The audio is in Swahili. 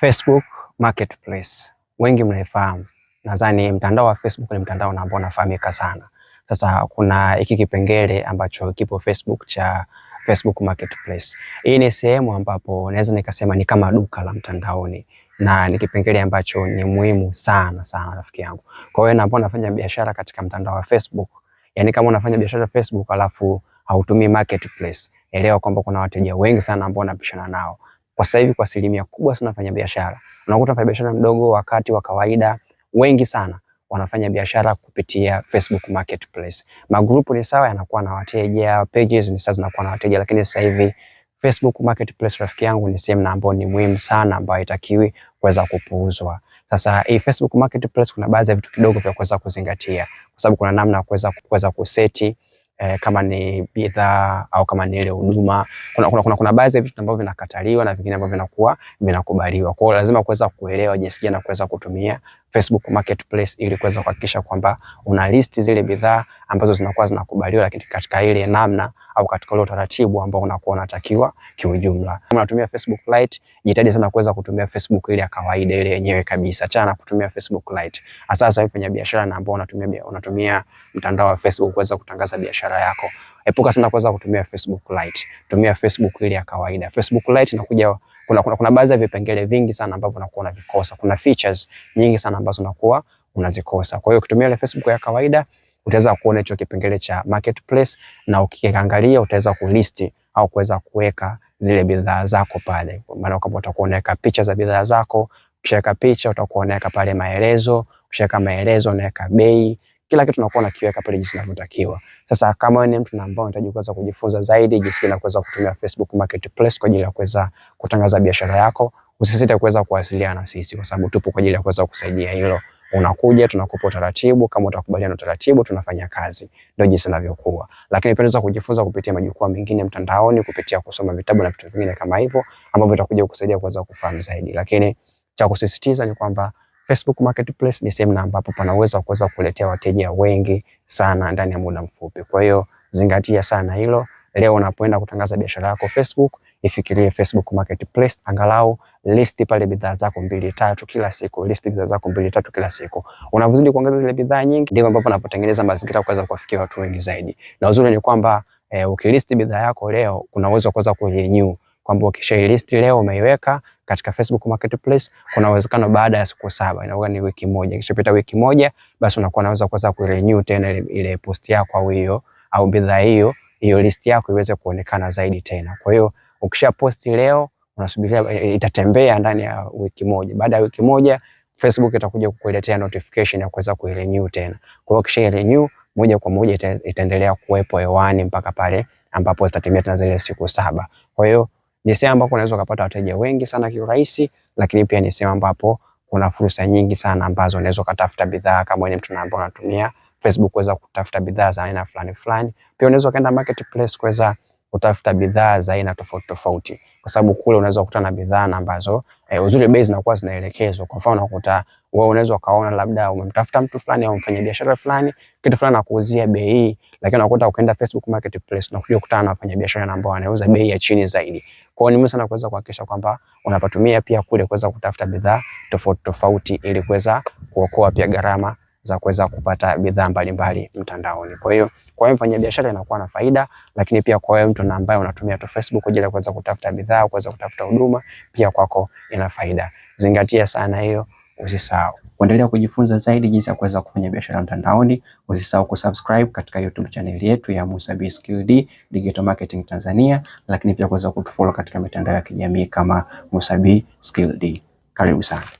Facebook Marketplace wengi mnaifahamu, nadhani mtandao wa Facebook ni mtandao ambao unafahamika sana. Sasa kuna hiki kipengele ambacho kipo Facebook cha Facebook Marketplace. Hii ni sehemu ambapo naweza nikasema ni kama duka la mtandaoni na ni kipengele ambacho ni muhimu sana sana, rafiki yangu. Kwa hiyo ambao unafanya biashara katika mtandao wa Facebook, yani kama unafanya biashara Facebook alafu hautumii marketplace, elewa kwamba kuna wateja wengi sana ambao wanapishana nao kwa sasa hivi kwa asilimia kubwa sana wafanya biashara, unakuta mfanya biashara mdogo wakati wa kawaida wengi sana wanafanya biashara kupitia Facebook Marketplace. Magrupu ni sawa, yanakuwa na wateja, pages ni sawa, zinakuwa na wateja, lakini sasa hivi Facebook Marketplace, rafiki yangu, ni sehemu na ambayo ni muhimu sana, ambayo itakiwi kuweza kupuuzwa. Sasa hii Facebook Marketplace kuna baadhi ya vitu kidogo vya kuweza kuzingatia, kwa sababu kuna namna ya kuweza kuseti eh, kama ni bidhaa au kama ni ile huduma. Kuna, kuna, kuna, kuna baadhi ya vitu ambavyo vinakataliwa na vingine ambavyo vinakuwa vinakubaliwa. Kwa hiyo lazima kuweza kuelewa jinsi gani na kuweza kutumia Facebook Marketplace ili kuweza kuhakikisha kwamba una list zile bidhaa ambazo zinakuwa zinakubaliwa, lakini katika ile namna au katika ile utaratibu ambao unakuwa unatakiwa kiujumla. Kama unatumia Facebook Lite, jitahidi sana kuweza kutumia Facebook ile ya kawaida ile yenyewe kabisa. chana na kutumia Facebook Lite. Hasa sasa kwenye biashara na ambao unatumia unatumia mtandao wa Facebook kuweza kutangaza biashara yako epuka sana kuweza kutumia Facebook Lite. Tumia Facebook ile ya kawaida. Facebook Lite inakuja kuna, kuna, kuna baadhi ya vipengele vingi sana ambavyo unakuwa unavikosa. Kuna features nyingi sana ambazo unakuwa unazikosa. Kwa hiyo ukitumia ile Facebook ya kawaida utaweza kuona hicho kipengele cha marketplace na ukikiangalia utaweza kulisti au kuweza kuweka zile bidhaa zako pale. Maana kama utakuwa unaweka picha za bidhaa zako, ukishaweka picha utakuwa unaweka pale maelezo, ukishaweka maelezo unaweka bei kila kitu tunakuwa nakiweka pale jinsi inavyotakiwa. Sasa kama wewe ni mtu ambao unahitaji kuweza kujifunza zaidi jinsi ya kuweza kutumia Facebook Marketplace kwa ajili ya kuweza kutangaza biashara yako, usisite kuweza kuwasiliana na sisi kwa sababu tupo kwa ajili ya kuweza kusaidia hilo. Unakuja tunakupa utaratibu, kama utakubaliana utaratibu tunafanya kazi, ndio jinsi inavyokuwa. Lakini pia unaweza kujifunza kupitia majukwaa mengine mtandaoni, kupitia kusoma vitabu na vitu vingine kama hivyo ambavyo vitakuja kukusaidia kuweza kufahamu zaidi. Lakini cha kusisitiza ni kwamba Facebook Marketplace ni sehemu ambapo pana uwezo wa kuweza kuletea wateja wengi sana ndani ya muda mfupi. Kwa hiyo zingatia sana hilo. Leo unapoenda kutangaza biashara yako Facebook, ifikirie Facebook Marketplace, angalau listi pale bidhaa zako mbili tatu kila siku, listi bidhaa zako mbili tatu kila siku. Unavozidi kuongeza zile bidhaa nyingi, ndivyo ambapo unapotengeneza mazingira kuweza kuwafikia watu wengi zaidi. Na uzuri ni kwamba eh, ukilisti bidhaa yako leo, kuna uwezo wa kuweza kurenew kwamba ukisha list leo umeiweka katika Facebook Marketplace, kuna uwezekano baada ya siku saba, inakuwa ni wiki moja, ikishapita wiki moja, basi unakuwa unaweza kuweza ku renew tena ile, ile post yako au hiyo au bidhaa hiyo hiyo list yako iweze kuonekana zaidi tena. Kwa hiyo ukisha post leo unasubiria eh, eh, itatembea ndani ya wiki moja. Baada ya wiki moja Facebook itakuja kukuletea notification ya kuweza kuirenew tena. Kwa hiyo kisha renew moja kwa moja itaendelea kuwepo hewani mpaka pale ambapo zitatimia tena zile siku saba. Kwa hiyo ni sehemu ambapo unaweza kupata wateja wengi sana kiurahisi, lakini pia ni sehemu ambapo kuna fursa nyingi sana ambazo unaweza ukatafuta bidhaa kama wewe mtu ambaye unatumia Facebook kuweza kutafuta bidhaa za aina fulani fulani. Pia unaweza ukaenda marketplace kuweza kutafuta bidhaa za aina tofauti tofauti, kwa sababu kule unaweza kukuta na bidhaa ambazo eh, uzuri bei zinakuwa zinaelekezwa. Kwa mfano unakuta wewe unaweza ukaona labda umemtafuta mtu fulani au mfanya biashara fulani kitu fulani na kuuzia bei, lakini unakuta ukaenda Facebook Marketplace na kuja kukutana na wafanya biashara ambao wanauza bei ya chini zaidi. Kwa hiyo ni muhimu sana kuweza kuhakikisha kwamba unapatumia pia kule kuweza kutafuta bidhaa tofauti tofauti ili kuweza kuokoa pia gharama za kuweza kupata bidhaa mbalimbali mtandaoni. Kwa hiyo kwa hiyo mfanyabiashara inakuwa na faida, lakini pia kwa wewe mtu na ambaye unatumia tu Facebook kwa ajili ya kuweza kutafuta bidhaa, kuweza kutafuta huduma, pia kwako ina faida. Zingatia sana hiyo, usisahau. Kuendelea kujifunza zaidi jinsi ya kuweza kufanya biashara mtandaoni, usisahau kusubscribe katika YouTube channel yetu ya Musa B Skilled Digital Marketing Tanzania, lakini pia kuweza kutufollow katika mitandao ya kijamii kama Musa B Skilled. Karibu sana.